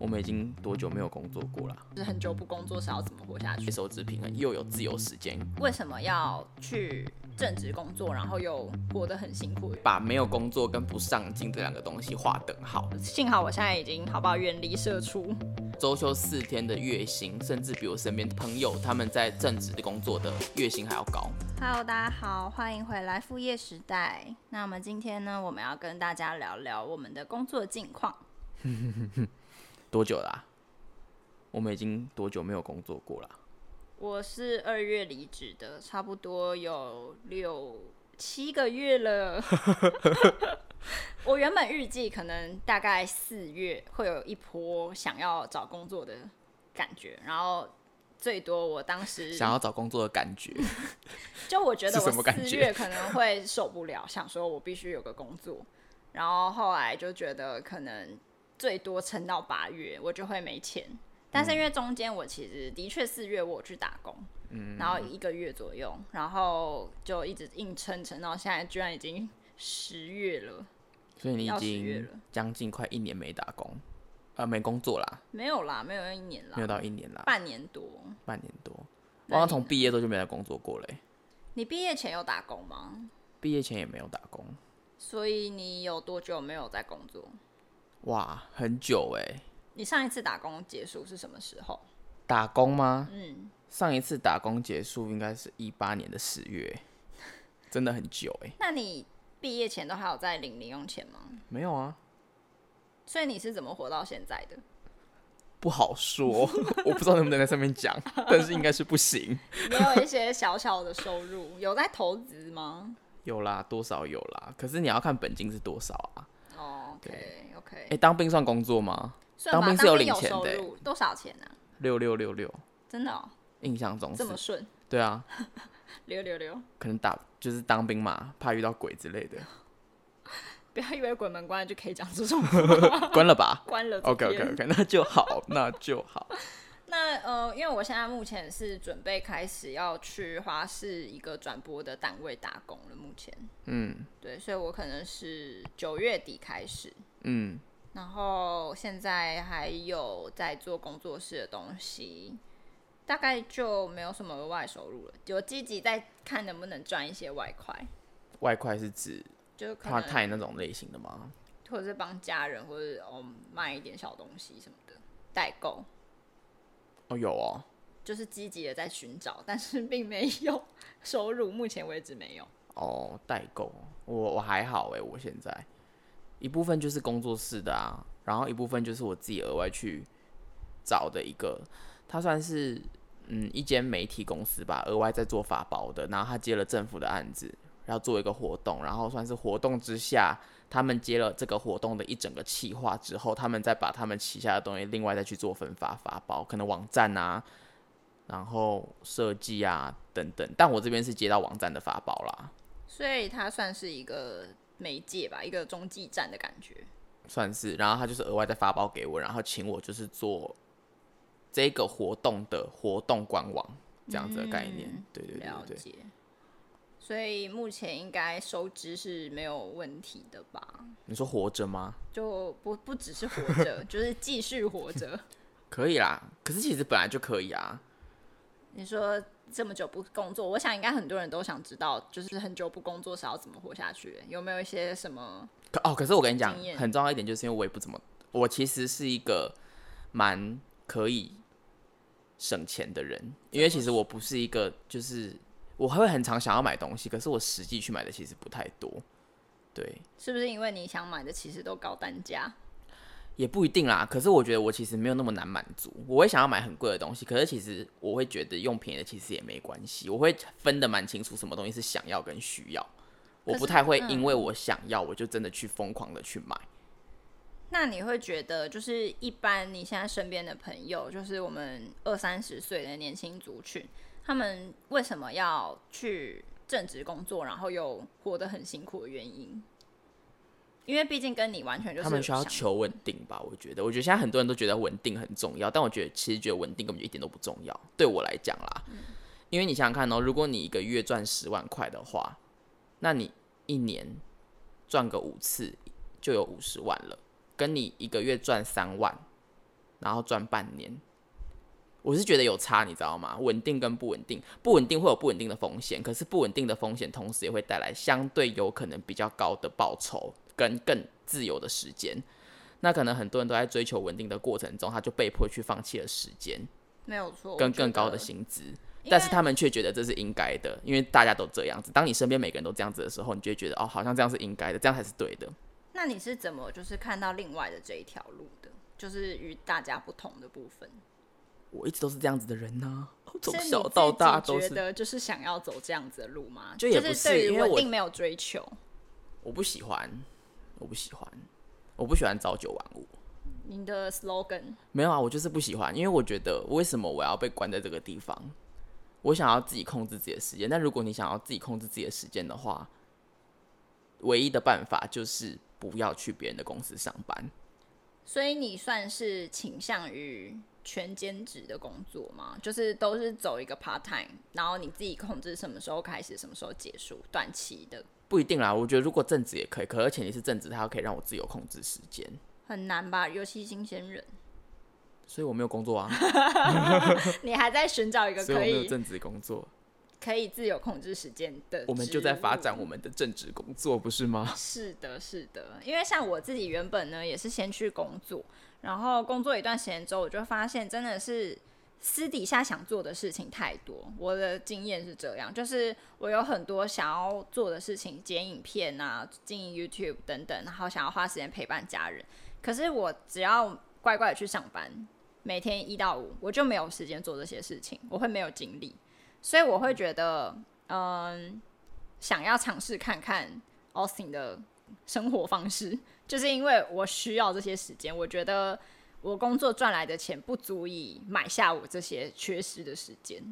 我們已經多久沒有工作過了？就是很久不工作是要怎麼活下去？收支平衡又有自由時間，為什麼要去正職工作，然後又過得很辛苦？把沒有工作跟不上進這兩個東西劃等號。幸好我現在已經好不好遠離社畜？週休四天的月薪，甚至比我身邊的朋友他們在正職工作的月薪還要高。 Hello，大家好，歡迎回來副業時代。那麼今天呢，我們要跟大家聊聊我們的工作的近況。 多久啦、啊？我們已經多久沒有工作過了、啊？我是二月離職的，差不多有六七個月了。 我原本預計可能大概四月會有一波想要找工作的感覺，然後最多我當時想要找工作的感覺， 就我覺得我四月可能會受不了，想說我必須有個工作，然後後來就覺得可能。最多撐到八月，我就會沒錢。但是因為中間我其實、嗯、的確四月我去打工、嗯，然後一個月左右，然後就一直硬撐撐到現在，居然已經十月了。所以你已經將近快一年沒打工，啊、呃，沒工作啦？沒有啦，沒有一年啦，沒有到一年啦，半年多，半年多。我從畢業都就沒在工作過了。你畢業前有打工嗎？畢業前也沒有打工。所以你有多久沒有在工作？哇，很久欸！你上一次打工結束是什麼時候？打工嗎？嗯，上一次打工結束應該是一八年的十月，真的很久欸。那你畢業前都還有在領零用錢嗎？沒有啊。所以你是怎麼活到現在的？不好說， 我不知道能不能在上面講， 但是應該是不行。也有一些小小的收入， 有在投資嗎？有啦，多少有啦，可是你要看本金是多少啊。對，OK, okay.。哎、欸，當兵算工作嗎？算嗎、欸？當兵是有領錢的，多少錢呢、啊？六六六六，真的、哦，印象中這麼順。對啊，六六六。可能打就是當兵嘛，怕遇到鬼之類的。不要以為鬼門關就可以講這種話， 關了吧？關了。OK，OK，OK，okay, okay, okay, 那就好，那就好。那呃，因為我現在目前是準備開始要去華視一個轉播的單位打工了，目前，嗯，對，所以我可能是九月底開始，嗯，然後現在還有在做工作室的東西，大概就沒有什麼額外收入了，就積極在看能不能賺一些外快。外快是指就怕太那種類型的嗎？或者是幫家人，或者是哦賣一點小東西什麼的，代購。哦，有哦，就是積極的在尋找，但是並沒有收入，目前為止沒有。哦，代購，我我還好誒，我現在一部分就是工作室的啊，然後一部分就是我自己額外去找的一個，他算是嗯一間媒體公司吧，額外在做法包的，然後他接了政府的案子，然後做一個活動，然後算是活動之下。他們接了這個活動的一整個企劃之後，他們再把他們旗下的東西另外再去做分發發包，可能網站啊，然後設計啊等等。但我這邊是接到網站的發包啦，所以他算是一個媒介吧，一個中繼站的感覺，算是。然後他就是額外再發包給我，然後請我就是做這個活動的活動官網這樣子的概念，嗯、對，對對對對。了解。所以目前應該收支是沒有問題的吧？你說活着嗎？就不不只是活着， 就是繼續活着。可以啦，可是其實本來就可以啊。你說這麼久不工作，我想應該很多人都想知道，就是很久不工作是要怎麼活下去？欸？有沒有一些什麼可？哦，可是我跟你講，很重要一點就是因為我也不怎麼，我其實是一個蠻可以省錢的人，因為其實我不是一個就是。我還會很常想要買東西，可是我實際去買的其實不太多，對，是不是因為你想買的其實都高單價？也不一定啦，可是我覺得我其實沒有那麼難滿足。我會想要買很貴的東西，可是其實我會覺得用便宜的其實也沒關係。我會分得蠻清楚什麼東西是想要跟需要，我不太會因為我想要、嗯、我就真的去瘋狂的去買。那你會覺得就是一般你現在身邊的朋友，就是我們二三十歲的年輕族群。他們為什麼要去正職工作，然後又活得很辛苦的原因？因為畢竟跟你完全就是他們需要求穩定吧？我覺得，我覺得現在很多人都覺得穩定很重要，但我覺得其實覺得穩定根本就一點都不重要。對我來講啦。嗯，因為你想想看哦、喔，如果你一個月賺十萬塊的話，那你一年賺個五次就有五十萬了，跟你一個月賺三萬，然後賺半年。我是覺得有差，你知道嗎？穩定跟不穩定，不穩定會有不穩定的風險，可是不穩定的風險同時也會帶來相對有可能比較高的報酬跟更自由的時間。那可能很多人都在追求穩定的過程中，他就被迫去放棄了時間，沒有錯，跟更高的薪資，但是他們卻覺得這是應該的，因為大家都這樣子。當你身邊每個人都這樣子的時候，你就會覺得哦，好像這樣是應該的，這樣才是對的。那你是怎麼就是看到另外的這一條路的？就是與大家不同的部分？我一直都是這樣子的人呢、啊，從小到大都是。是覺得就是想要走這樣子的路嗎？就也不是，因、就、為、是、我並沒有追求我。我不喜歡，我不喜歡，我不喜歡朝九晚五。你的 slogan 沒有啊，我就是不喜歡，因為我覺得為什麼我要被關在這個地方？我想要自己控制自己的時間。但如果你想要自己控制自己的時間的話，唯一的辦法就是不要去別人的公司上班。所以你算是傾向於。全兼職的工作嘛，就是都是走一個 part time，然後你自己控制什麼時候開始，什麼時候結束，短期的不一定啦。我覺得如果正職也可以，可而且你是正職，他可以讓我自由控制時間，很難吧？尤其新鮮人，所以我沒有工作啊。 你還在尋找一個可以。所以我沒有正職工作？可以自由控制時間的，我們就在發展我們的正職工作，不是嗎？是的，是的。因為像我自己原本呢，也是先去工作，然後工作一段時間之後，我就發現真的是私底下想做的事情太多。我的經驗是這樣，就是我有很多想要做的事情，剪影片啊、經營 YouTube 等等，然後想要花時間陪伴家人。可是我只要乖乖的去上班，每天一到五，我就沒有時間做這些事情，我會沒有精力。所以我會覺得，嗯，想要嘗試看看 Austin 的生活方式，就是因為我需要這些時間。我覺得我工作賺來的錢不足以買下我這些缺失的時間，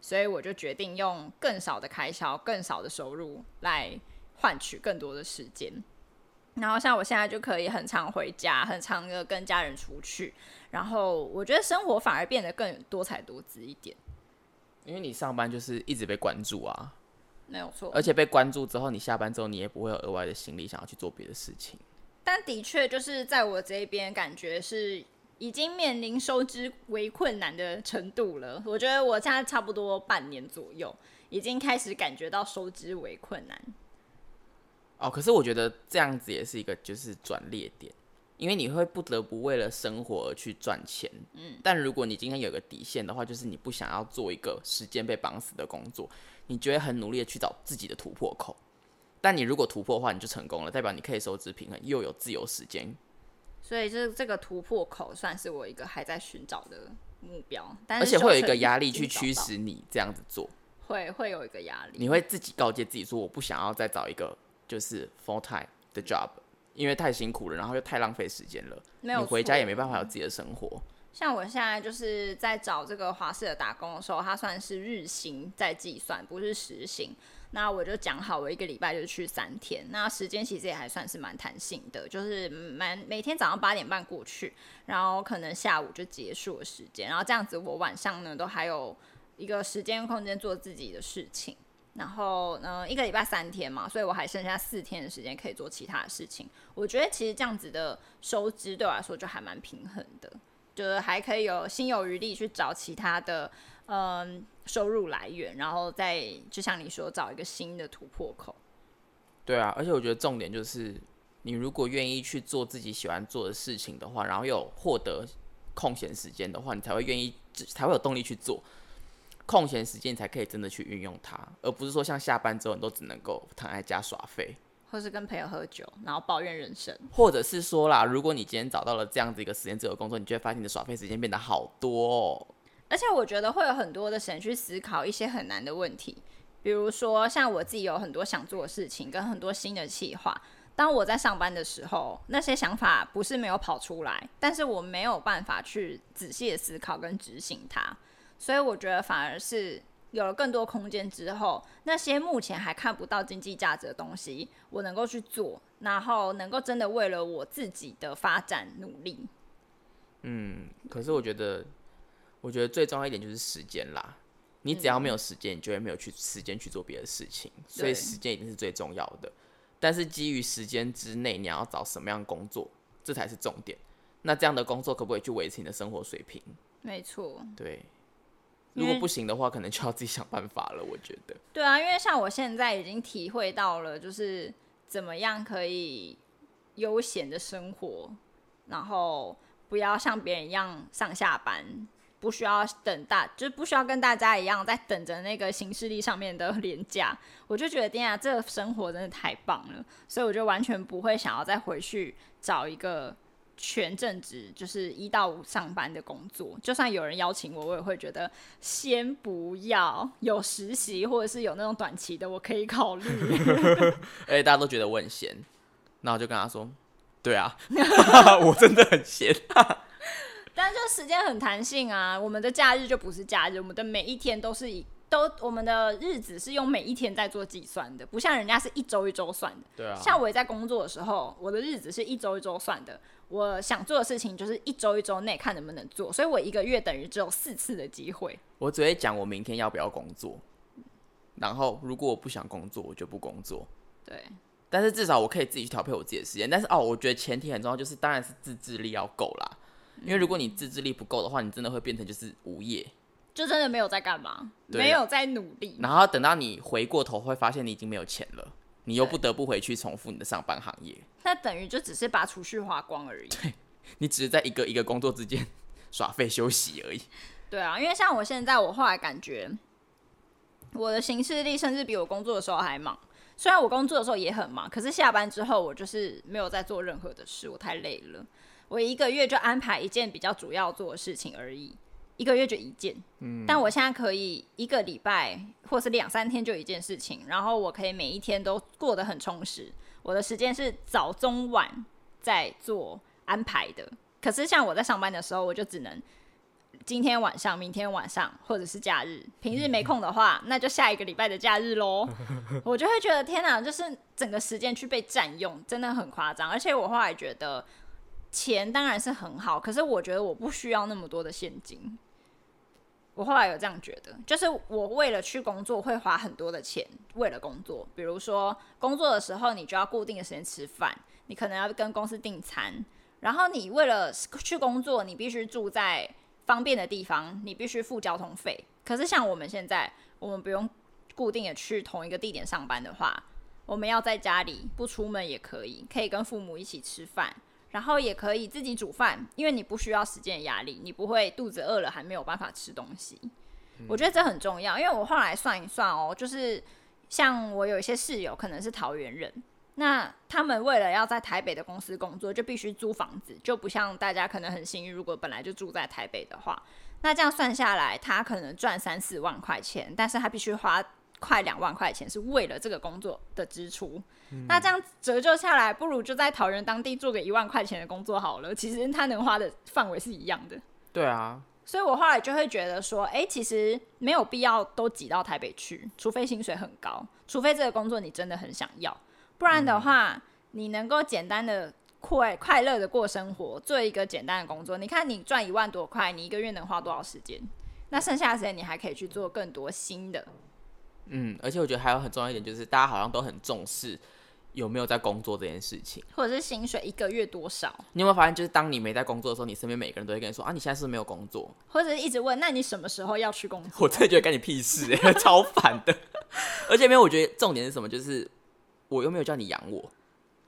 所以我就決定用更少的開銷、更少的收入來換取更多的時間。然後像我現在就可以很常回家，很常的跟家人出去。然後我覺得生活反而變得更多彩多姿一點。因為你上班就是一直被關注啊，沒有錯，而且被關注之後，你下班之後你也不會有額外的心理想要去做別的事情。但的確就是在我這邊，感覺是已經面臨收支為困難的程度了。我覺得我現在差不多半年左右已經開始感覺到收支為困難。哦，可是我覺得這樣子也是一個就是轉捩點。因為你會不得不為了生活而去賺錢，嗯，但如果你今天有個底線的話，就是你不想要做一個時間被綁死的工作，你就會很努力的去找自己的突破口。但你如果突破的話，你就成功了，代表你可以收支平衡又有自由時間。所以就是這個突破口算是我一個還在尋找的目標。但是，而且會有一個壓力去驅使你這樣子做，會會有一個壓力，你會自己告誡自己說，我不想要再找一個就是 full-time 的 job。嗯。因為太辛苦了，然後又太浪費時間了。沒有，你回家也沒辦法有自己的生活。像我現在就是在找這個華氏的打工的時候，它算是日薪在計算，不是時薪。那我就講好，我一個禮拜就去三天。那時間其實也還算是蠻彈性的，就是蠻每天早上八點半過去，然後可能下午就結束了時間。然後這樣子，我晚上呢都還有一個時間空間做自己的事情。然後，嗯，一個禮拜三天嘛，所以我還剩下四天的時間可以做其他的事情。我覺得其實這樣子的收支對我來說就還蠻平衡的，就是還可以有心有餘力去找其他的，嗯，收入來源，然後再就像你說，找一個新的突破口。對啊，而且我覺得重點就是，你如果願意去做自己喜歡做的事情的話，然後有獲得空閒時間的話，你才會願意，才會有動力去做。空閒時間才可以真的去運用它，而不是說像下班之後，你都只能夠躺在家耍廢，或是跟朋友喝酒，然後抱怨人生，或者是說啦，如果你今天找到了這樣子一個時間自由的工作，你就會發現你的耍廢時間變得好多哦，而且我覺得會有很多的時間去思考一些很難的問題，比如說像我自己有很多想做的事情跟很多新的計劃，當我在上班的時候，那些想法不是沒有跑出來，但是我沒有辦法去仔細的思考跟執行它。所以我覺得反而是有了更多空間之後，那些目前還看不到經濟價值的東西，我能夠去做，然後能夠真的為了我自己的發展努力。嗯，可是我覺得，我覺得最重要一點就是時間啦。你只要沒有時間，嗯，你就會沒有去時間去做別的事情，所以時間一定是最重要的。但是基於時間之內，你要找什麼樣的工作，這才是重點。那這樣的工作可不可以去維持你的生活水平？沒錯，對。如果不行的話，可能就要自己想辦法了。我覺得，對啊，因為像我現在已經體會到了，就是怎麼樣可以悠閒的生活，然後不要像別人一樣上下班，不需要等大，就是不需要跟大家一樣在等着那個行事曆上面的連假。我就覺得天啊，這個、生活真的太棒了，所以我就完全不會想要再回去找一個。全正職，就是一到五上班的工作，就算有人邀請我，我也會覺得先不要，有實習，或者是有那種短期的，我可以考慮。 而且大家都覺得我很閒，那我就跟他說：“對啊， 我真的很閒， 但就時間很彈性啊。我們的假日就不是假日，我們的每一天都是一。”都，我們的日子是用每一天在做計算的，不像人家是一周一周算的。對啊，像我也在工作的時候，我的日子是一周一周算的。我想做的事情就是一周一周內看能不能做，所以我一個月等於只有四次的機會。我只會講我明天要不要工作，然後如果我不想工作，我就不工作。對，但是至少我可以自己去調配我自己的時間。但是哦，我覺得前提很重要，就是當然是自制力要夠啦。因為如果你自制力不夠的話，你真的會變成就是無業。就真的沒有在幹嘛，沒有在努力。然後等到你回過頭，會發現你已經沒有錢了，你又不得不回去重複你的上班行業。那等於就只是把儲蓄花光而已。對，你只是在一個一個工作之間耍廢休息而已。對啊，因為像我現在，我後來感覺我的行事曆甚至比我工作的時候還忙。雖然我工作的時候也很忙，可是下班之後我就是沒有再做任何的事，我太累了。我一個月就安排一件比較主要做的事情而已。一個月就一件、嗯，但我現在可以一個禮拜，或是兩三天就一件事情，然後我可以每一天都過得很充實。我的時間是早中晚在做安排的，可是像我在上班的時候，我就只能今天晚上、明天晚上，或者是假日，平日沒空的話，嗯、那就下一個禮拜的假日嘍。 我就會覺得天哪，就是整個時間去被占用，真的很誇張。而且我後來覺得，錢當然是很好，可是我覺得我不需要那麼多的現金。我後來有這樣覺得，就是我為了去工作會花很多的錢，為了工作，比如說工作的時候你就要固定的時間吃飯，你可能要跟公司訂餐，然後你為了去工作，你必須住在方便的地方，你必須付交通費。可是像我們現在，我們不用固定的去同一個地點上班的話，我們要在家裡不出門也可以，可以跟父母一起吃飯，然後也可以自己煮飯，因為你不需要時間的壓力，你不會肚子餓了還沒有辦法吃東西。嗯。我覺得這很重要，因為我後來算一算哦，就是像我有一些室友可能是桃園人，那他們為了要在台北的公司工作，就必須租房子，就不像大家可能很幸運，如果本來就住在台北的話，那這樣算下來，他可能賺三四萬塊錢，但是他必須花。快兩萬塊錢是為了這個工作的支出，嗯、那這樣折舊下來，不如就在桃園當地做個一萬塊錢的工作好了。其實他能花的範圍是一樣的。對啊，所以我後來就會覺得說，哎、欸，其實沒有必要都擠到台北去，除非薪水很高，除非這個工作你真的很想要，不然的話，嗯、你能夠簡單的快快樂的過生活，做一個簡單的工作。你看，你賺一萬多塊，你一個月能花多少時間？那剩下的時間你還可以去做更多新的。嗯，而且我覺得還有很重要一點就是，大家好像都很重視有沒有在工作這件事情，或者是薪水一個月多少。你有沒有發現，就是當你沒在工作的時候，你身邊每個人都會跟你說啊，你現在是不是沒有工作？或者是一直問，那你什麼時候要去工作？我真的覺得幹你屁事、欸，超煩的。 而且，沒有，我覺得重點是什麼？就是我又沒有叫你養我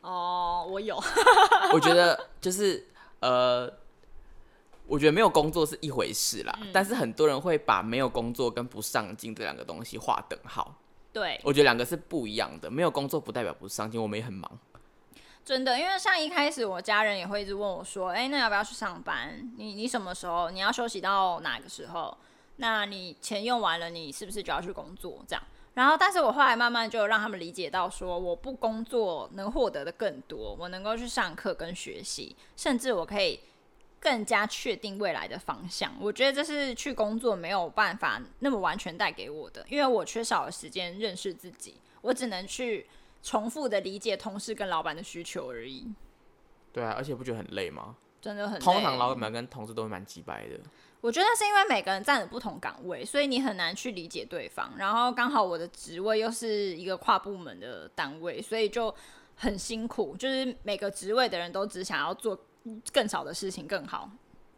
哦，oh, 我有。 我覺得就是呃。我覺得沒有工作是一回事啦、嗯，但是很多人會把沒有工作跟不上進這兩個東西劃等號。對，我覺得兩個是不一樣的。沒有工作不代表不上進，我們也很忙。真的，因為像一開始我家人也會一直問我說：“哎、欸，那要不要去上班？你你什麼時候？你要休息到哪個時候？那你錢用完了，你是不是就要去工作？這樣？”然後，但是我後來慢慢就讓他們理解到說，說我不工作能獲得的更多，我能夠去上課跟學習，甚至我可以。更加確定未來的方向，我覺得這是去工作沒有辦法那麼完全帶給我的，因為我缺少了時間認識自己，我只能去重複的理解同事跟老闆的需求而已。對啊，而且不覺得很累嗎？真的很。通常老闆們跟同事都會蠻機掰的。我覺得那是因為每個人站在不同崗位，所以你很難去理解對方。然後剛好我的職位又是一個跨部門的單位，所以就很辛苦。就是每個職位的人都只想要做。更少的事情更好，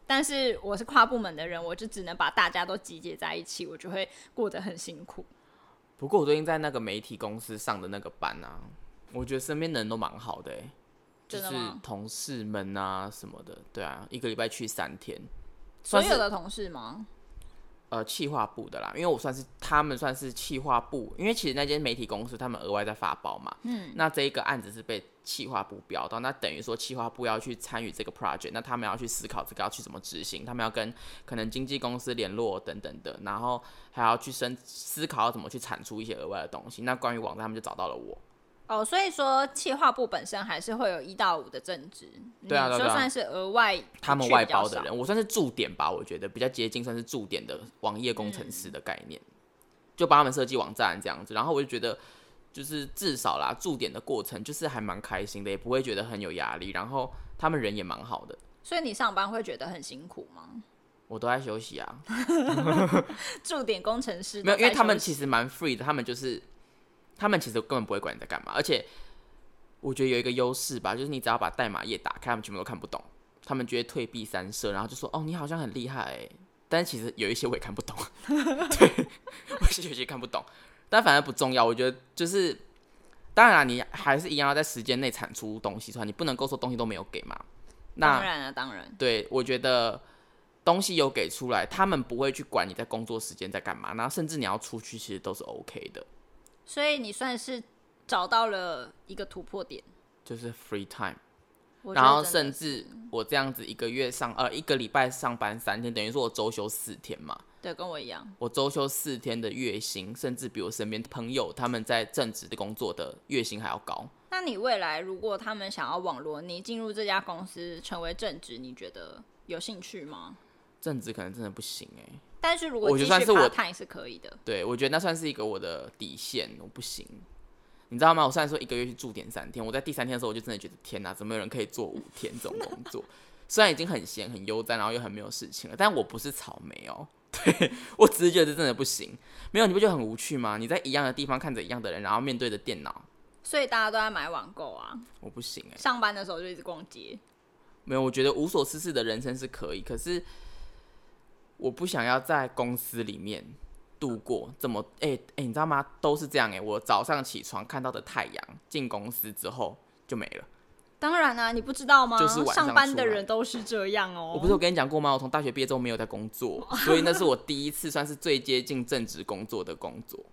但是我是跨部門的人，我就只能把大家都集結在一起，我就會過得很辛苦。不過我最近在那個媒體公司上的那個班啊，我覺得身邊的人都蠻好的欸，就是同事們啊什麼的，對啊，一個禮拜去三天，所有的同事嗎？呃，企劃部的啦，因為我算是他們算是企劃部，因為其實那間媒體公司他們額外在發包嘛，嗯，那這一個案子是被企劃部標到，那等於說企劃部要去參與這個 project，那他們要去思考這個要去怎麼執行，他們要跟可能經紀公司聯絡等等的，然後還要去深思考要怎麼去產出一些額外的東西，那關於網站他們就找到了我。哦，所以說企劃部本身還是會有一到五的正職。對啊，你就算是額外他們外包的人，我算是駐點吧，我覺得比較接近算是駐點的網頁工程師的概念，嗯、就幫他們設計網站這樣子。然後我就覺得，就是至少啦，駐點的過程就是還蠻開心的，也不會覺得很有壓力。然後他們人也蠻好的，所以你上班會覺得很辛苦嗎？我都在休息啊，駐 點工程師沒有，因為他們其實蠻 free 的，他們就是。他們其實根本不會管你在幹嘛，而且我覺得有一個優勢吧，就是你只要把代碼頁打開，他們全部都看不懂。他們就會退避三舍，然後就說：“哦，你好像很厲害。”但其實有一些我也看不懂， 對，有一些看不懂，但反正不重要。我覺得就是，當然啦，你還是一樣要在時間內產出東西出來，你不能夠說東西都沒有給嘛。那當然了，當然，對，我覺得東西有給出來，他們不會去管你在工作時間在幹嘛，然後甚至你要出去，其實都是 OK 的。所以你算是找到了一個突破點，就是 free time。然後甚至我這樣子一個月上呃一個禮拜上班三天，等於說我周休四天嘛。對，跟我一樣。我周休四天的月薪，甚至比我身邊朋友他們在正職的工作的月薪還要高。那你未來如果他們想要網羅你進入這家公司成為正職，你覺得有興趣嗎？正職可能真的不行哎、欸。但是如果我算是我看也是可以的，對，我覺得那算是一個我的底線，我不行，你知道嗎？我雖然說一個月去駐點三天，我在第三天的時候，我就真的覺得天哪，怎麼有人可以做五天這種工作？ 雖然已經很閒很悠哉，然後又很沒有事情了，但我不是草莓哦，對我只是覺得這真的不行。沒有，你不覺得很無趣嗎？你在一樣的地方看着一樣的人，然後面對着電腦，所以大家都在買網購啊，我不行哎、欸，上班的時候就一直逛街，沒有，我覺得無所事事的人生是可以，可是。我不想要在公司裡面度過，怎麼，哎哎、欸欸，你知道嗎？都是這樣哎、欸，我早上起床看到的太陽，進公司之後就沒了。當然啊，你不知道嗎？就是晚上，上班的人都是這樣哦。我不是跟你講過嗎？我從大學畢業之後沒有在工作，所以那是我第一次算是最接近正職工作的工作。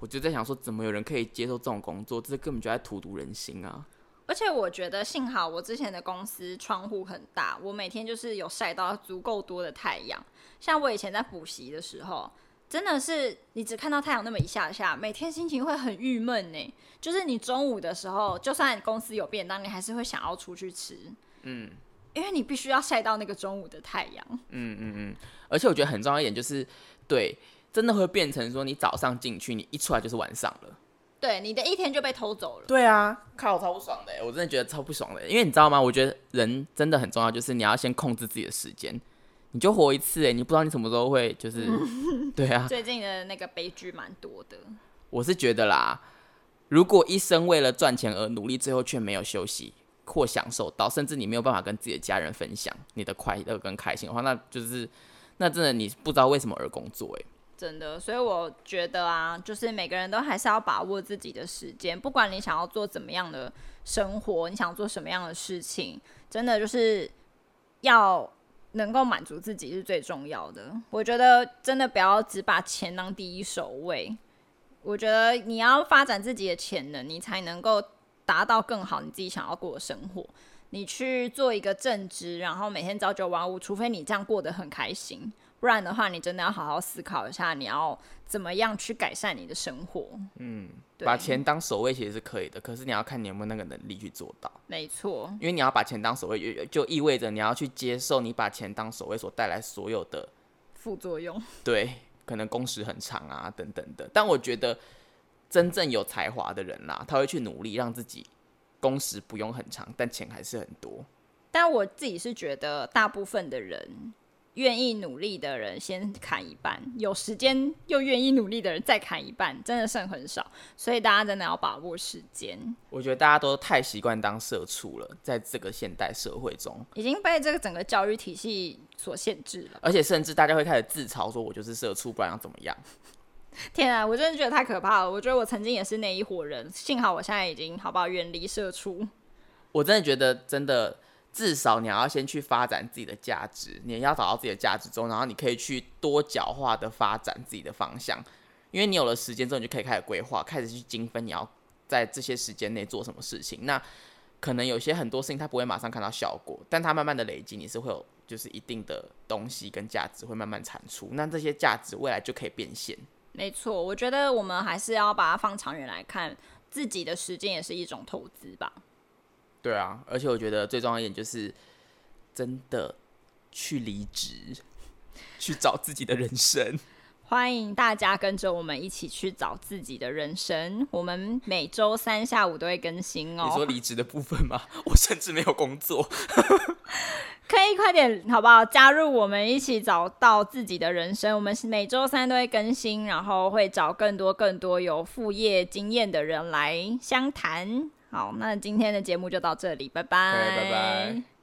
我就在想說，怎麼有人可以接受這種工作？這是根本就在荼毒人心啊！而且我覺得，幸好我之前的公司窗戶很大，我每天就是有曬到足夠多的太陽。像我以前在補習的時候，真的是你只看到太陽那麼一下下，每天心情會很鬱悶呢。就是你中午的時候，就算公司有便當，你還是會想要出去吃，嗯，因為你必須要曬到那個中午的太陽。嗯嗯嗯。而且我覺得很重要一點就是，對，真的會變成說，你早上進去，你一出來就是晚上了。對，你的一天就被偷走了。對啊，靠，超不爽的、欸，我真的覺得超不爽的、欸。因為你知道嗎？我覺得人真的很重要，就是你要先控制自己的時間。你就活一次、欸，哎，你不知道你什麼時候會就是、嗯，對啊。最近的那個悲劇蠻多的。我是覺得啦，如果一生為了賺錢而努力，最後卻沒有休息或享受到，甚至你沒有辦法跟自己的家人分享你的快樂跟開心的話，那就是，那真的你不知道為什麼而工作、欸，哎。真的，所以我覺得啊，就是每個人都還是要把握自己的時間。不管你想要做怎麼樣的生活，你想做什麼樣的事情，真的就是要能夠滿足自己是最重要的。我覺得真的不要只把錢當第一首位。我覺得你要發展自己的潛能，你才能夠達到更好你自己想要過的生活。你去做一個正職，然後每天朝九晚五，除非你這樣過得很開心。不然的話，你真的要好好思考一下，你要怎麼樣去改善你的生活。嗯，對，把錢當首位其實是可以的，可是你要看你有沒有那個能力去做到。沒錯，因為你要把錢當首位，就意味着你要去接受你把錢當首位所帶來所有的副作用。對，可能工時很長啊，等等的。但我覺得真正有才華的人啦，他會去努力讓自己工時不用很長，但錢還是很多。但我自己是覺得大部分的人。願意努力的人先砍一半，有時間又願意努力的人再砍一半，真的剩很少，所以大家真的要把握時間。我覺得大家都太習慣當社畜了，在這個現代社會中，已經被這個整個教育體系所限制了，而且甚至大家會開始自嘲說：“我就是社畜，不然要怎麼樣？”天啊，我真的覺得太可怕了。我覺得我曾經也是那一夥人，幸好我現在已經好不好遠離社畜。我真的覺得真的。至少你要先去發展自己的價值，你要找到自己的價值中，然後你可以去多角化的發展自己的方向，因為你有了時間之後，你就可以開始規劃，開始去精分你要在這些時間內做什麼事情。那可能有些很多事情它不會馬上看到效果，但它慢慢的累積，你是會有就是一定的東西跟價值會慢慢產出，那這些價值未來就可以變現。沒錯，我覺得我們還是要把它放長遠來看，自己的時間也是一種投資吧。對啊，而且我覺得最重要的一點就是真的去離職，去找自己的人生。歡迎大家跟着我們一起去找自己的人生，我們每周三下午都會更新哦。你說離職的部分嗎？我甚至沒有工作， 可以快點好不好？加入我們一起找到自己的人生，我們每周三都會更新，然後會找更多更多有副業經驗的人來相談。好，那今天的節目就到這裡，拜拜，對，拜拜。